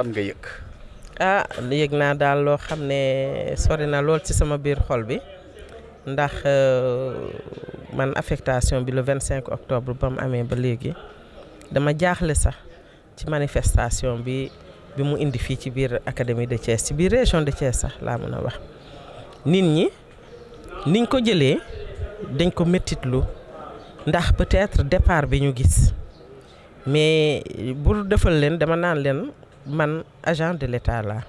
lan nga yëg. ah yëg naa daal loo xam ne sori na lool ci sama biir xol bi ndax euh, man affectation bi le 25 octobre ba mu amee ba léegi dama jaaxle sax ci manifestation bi bi mu indi fii ci biir académie de Thiès ci biir région de Thiès sax laa mën a wax nit ñi niñ ko jëlee dañ ko méttitlu ndax peut départ bi ñu gis mais euh, bu defal leen dama naan leen. man agent de l'État la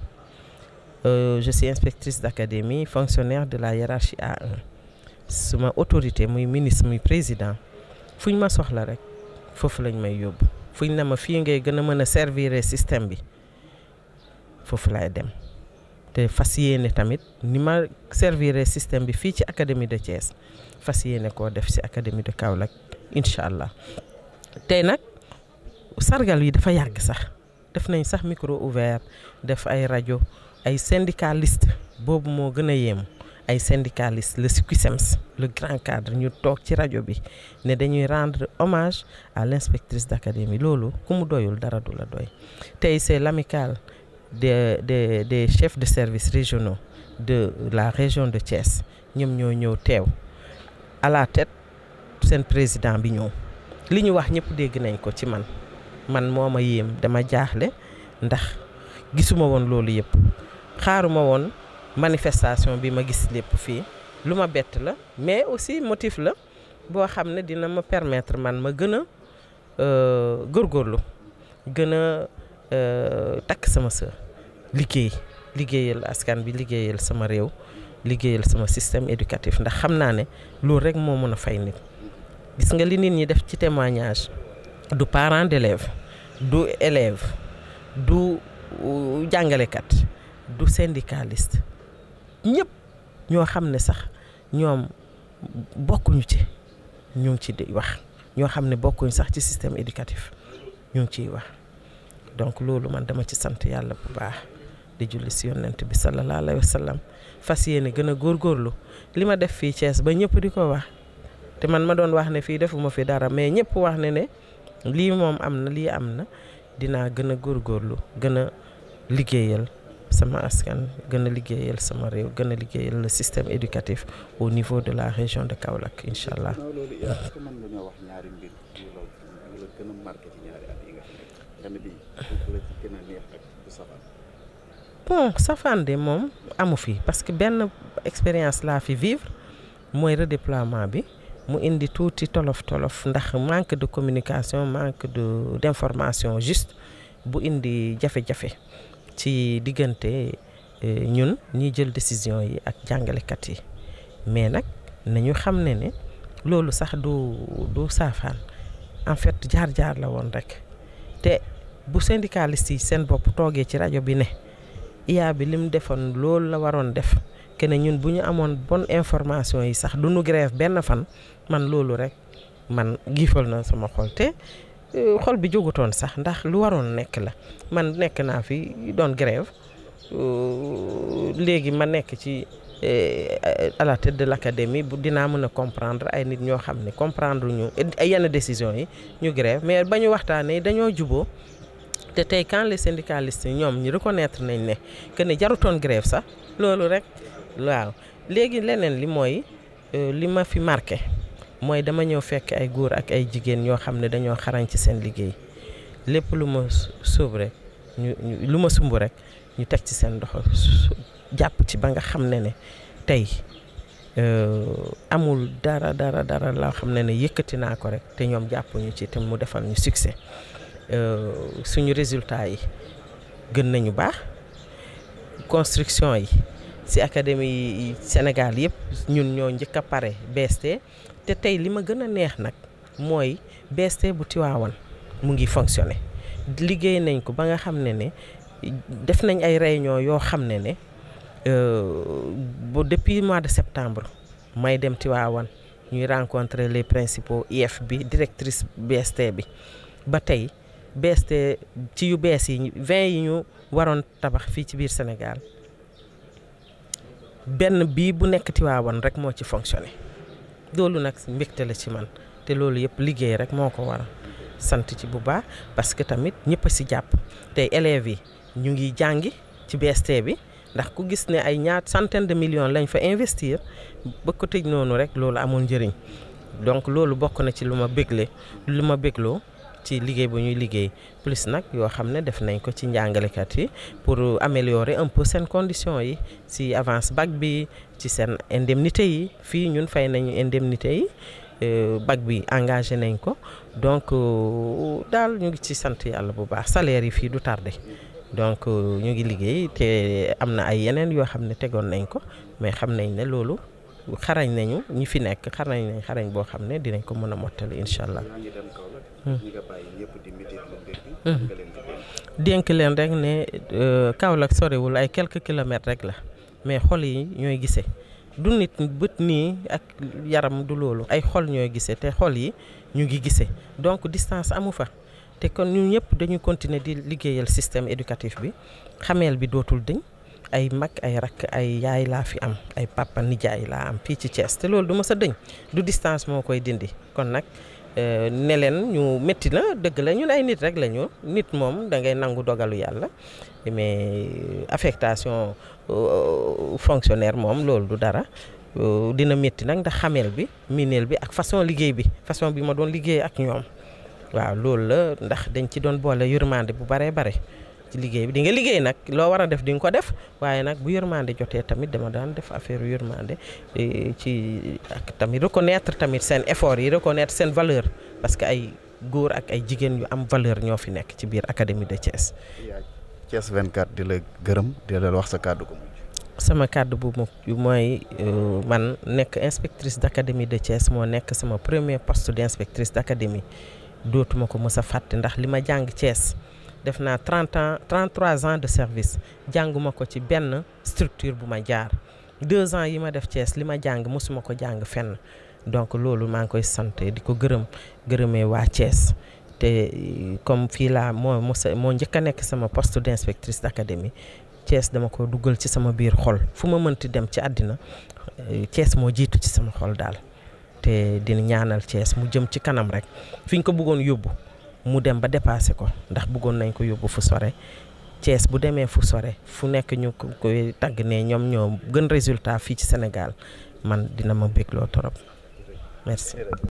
euh, je suis inspectrice d'académie fonctionnaire de la hiérarchie A1 suma autorité muy ministre muy président fu ñu ma soxla rek foofu lañ may yóbbu fu ñu ma fii ngay gën a mën a servir système bi foofu lay dem te fas yéene tamit ni ma servir système bi fii ci académie de Thiès fas yéene koo def ci académie de Kaolack incha allah tey nag sargal yi dafa yàgg sax. def nañ sax micro ouvert def ay rajo ay syndicaliste boobu moo gën a yéemu ay syndicaliste le SYCUSEMS le grand cadre ñu toog ci rajo bi ne dañuy rendre hommage à l' inspectrice d' académie loolu ku mu doyul dara du la doy tey c' est l'amicale de des des chefs de services régionaux de la région de Thiès ñoom ñoo ñëw teew à seen président bi ñëw li ñu wax ñëpp dégg nañ ko ci man man moo ma yéem dama jaaxle ndax gisuma woon loolu yëpp xaaruma woon manifestation bi ma gis lépp fii lu ma bett la mais aussi motif la boo xam ne dina ma permettre man ma gën a euh, góorgóorlu gën a euh, takk sama sa liggéey liggéeyal askan bi liggéeyal sama réew liggéeyal sama système éducatif ndax xam naa ne loolu rek moo mën a fay nit gis nga li nit ñi def ci témoignage du parent d'élève du élève du euh, jàngalekat du syndicaliste ñëpp ñoo xam ne sax ñoom bokkuñu ci ñu ngi ci di wax ñoo xam ne bokkuñu sax ci système éducatif ñu ngi ciy wax donc loolu man dama ci sant yàlla bu baax di julli si yonent bi sallallahu alayhi fas yéene gën a góor góorlu li ma def fii Thiès ba ñëpp di ko wax te man ma doon wax ne fii defuma fi dara mais ñëpp wax ne ne lii moom am na lii am na dinaa gën a góorlu gën a liggéeyal sama askan gën a liggéeyal sama réew gën a liggéeyal le système éducatif au niveau de la région de Kaolack incha allah. bon safaan de moom amu fi parce que benn expérience laa fi vivre mooy redéploiement bi. mu indi tuuti tolof tolof ndax manque de communication manque de information juste bu indi jafe-jafe ci diggante euh, ñun ñiy jël décision yi ak jàngalekat yi mais nag nañu xam ne ne loolu sax du du saafaan en fait jaar-jaar la woon rek te bu syndicaliste yi seen bopp toogee ci rajo bi ne IA bi lim defoon loolu la waroon def que ne ñun bu ñu amoon bonne information yi sax du nu grève benn fan man loolu rek man giifal na sama xol te euh, xol bi jógutoon sax ndax lu waroon nekk la man nekk naa fi doon grève euh, léegi ma nekk ci euh, à la tête de l' bu dinaa mën a comprendre ay nit ñoo xam ne comprendre ñu ay yenn décision yi ñu grève mais ba ñu waxtaanee dañoo juboo te tey quand les syndicalistes ñoom ñu reconnaître nañ ne que ne jarutoon grève sax loolu rek waaw léegi leneen li mooy euh, li ma fi marqué mooy dama ñëw fekk ay góor ak ay jigéen ñoo xam ne dañoo xarañ ci seen liggéey lépp lu ma suub rek ñu lu ma sumb rek ñu teg ci seen ndox jàpp ci ba nga xam ne ne tey euh, amul dara dara dara loo xam ne ne yëkkati naa ko rek te ñoom jàppuñu ci te mu defal ñu succès euh, suñu résultat yi gën nañu baax construction yi si académie yi Sénégal yëpp ñun ñoo njëkk a pare BST te tey li ma gën a neex nag mooy BST bu Tiwaawan mu ngi fonctionné liggéey nañ ko ba nga xam ne ne def nañ ay réunion yoo xam ne ne euh, ba depuis mois de septembre may dem Tiwaawan ñuy rencontrer les principaux IF bi directrice BST bi ba tey BST ci yu bees yi vingt yi ñu waroon tabax fii ci biir Sénégal benn bii bu nekk Tiwaawan rek moo ci fonctionné loolu nag mbégte la ci man te loolu yëpp liggéey rek moo ko waral sant ci bu baax parce que tamit ñëpp a si jàpp tey élèves yi ñu ngi jàngi ci BST bi ndax ku gis ne ay ñaar centaine de millions lañ fa investir ba ko tëj noonu rek loolu amul njëriñ donc loolu bokk na ci lu ma bégle lu ma bégloo ci liggéey bu ñuy liggéey plus nag yoo xam ne def nañ ko ci njàngalekat yi pour améliorer un peu seen condition yi si avance bac bi ci seen indemnité yi fii ñun fay nañu indemnité yi euh, bag bi engagé nañ ko donc euh, daal ñu ngi ci sant yàlla bu baax salaire yi fii du tardé donc euh, ñu ngi liggéey te am na ay yeneen yoo xam ne tegoon nañ ko mais xam nañ ne loolu xarañ nañu ñi fi nekk xarañ nañ xarañ boo xam ne dinañ ko mën a mottali incha allah. Hmm. Hmm. dénk leen rek ne euh, Kaolack sorewul ay quelques kilomètres rek la mais xol yi ñooy gisee du nit bët nii ak yaram du loolu ay xol ñooy gisee te xol yi ñu ngi gisee donc distance amu fa te kon ñu ñëpp dañuy continuer di liggéeyal système éducatif bi xameel bi dootul dëñ ay mag ay rakk ay yaay laa fi am ay papa nijaay laa am fii ci Thiès te loolu du ma sa dëñ du distance moo koy dindi kon nag euh, ne leen ñu métti na dëgg la ñun ay nit rek la ñu nit moom da ngay nangu dogalu yàlla mais euh, affectation euh, fonctionnaire moom loolu du dara dina métti nag ndax xameel bi miineel bi ak façon liggéey bi façon bi ma doon liggéey ak ñoom waaw loolu la ndax dañ ci doon boole yërmande bu baree bare ci liggéey bi di nga liggéey nag loo war a def di nga ko def waaye nag bu yërmande jotee tamit dama daan def affaire yërmande ci ak tamit reconnaître tamit seen effort yi reconnaître seen valeur parce que ay góor ak ay jigéen yu am valeur ñoo fi nekk ci biir académie de Thiès. Thiès 24 di la gërëm di wax sa kàddu sama kàddu bu mujj mooy euh, man nekk inspectrice d'académie de Thiès moo nekk sama premier poste d'inspectrice d'académie dootuma ko mës sa fàtte ndax li ma jàng Thiès. def naa trente ans trente trois ans de service jànguma ko ci benn structure bu ma jaar deux ans yi ma def Thiès li ma jàng mosuma ko jàng fenn donc loolu maa ngi koy sant di ko gërëm gërëmee waa Thiès te comme fii laa moo moo njëkk a nekk sama poste d' inspectrice d' académie Thiès dama ko dugal ci sama biir xol fu ma mënti dem ci àddina euh, Thiès moo jiitu ci sama xol daal te dina ñaanal Thiès mu jëm ci kanam rek fi ñu ko bëggoon yóbbu. mu dem ba dépassé ko ndax bëggoon nañ ko yóbbu fu sore Thiès bu demee fu sore fu nekk ñu ko koy tagg ne ñoom ñoo gën résultat fii ci Sénégal man dina ma bégloo torop merci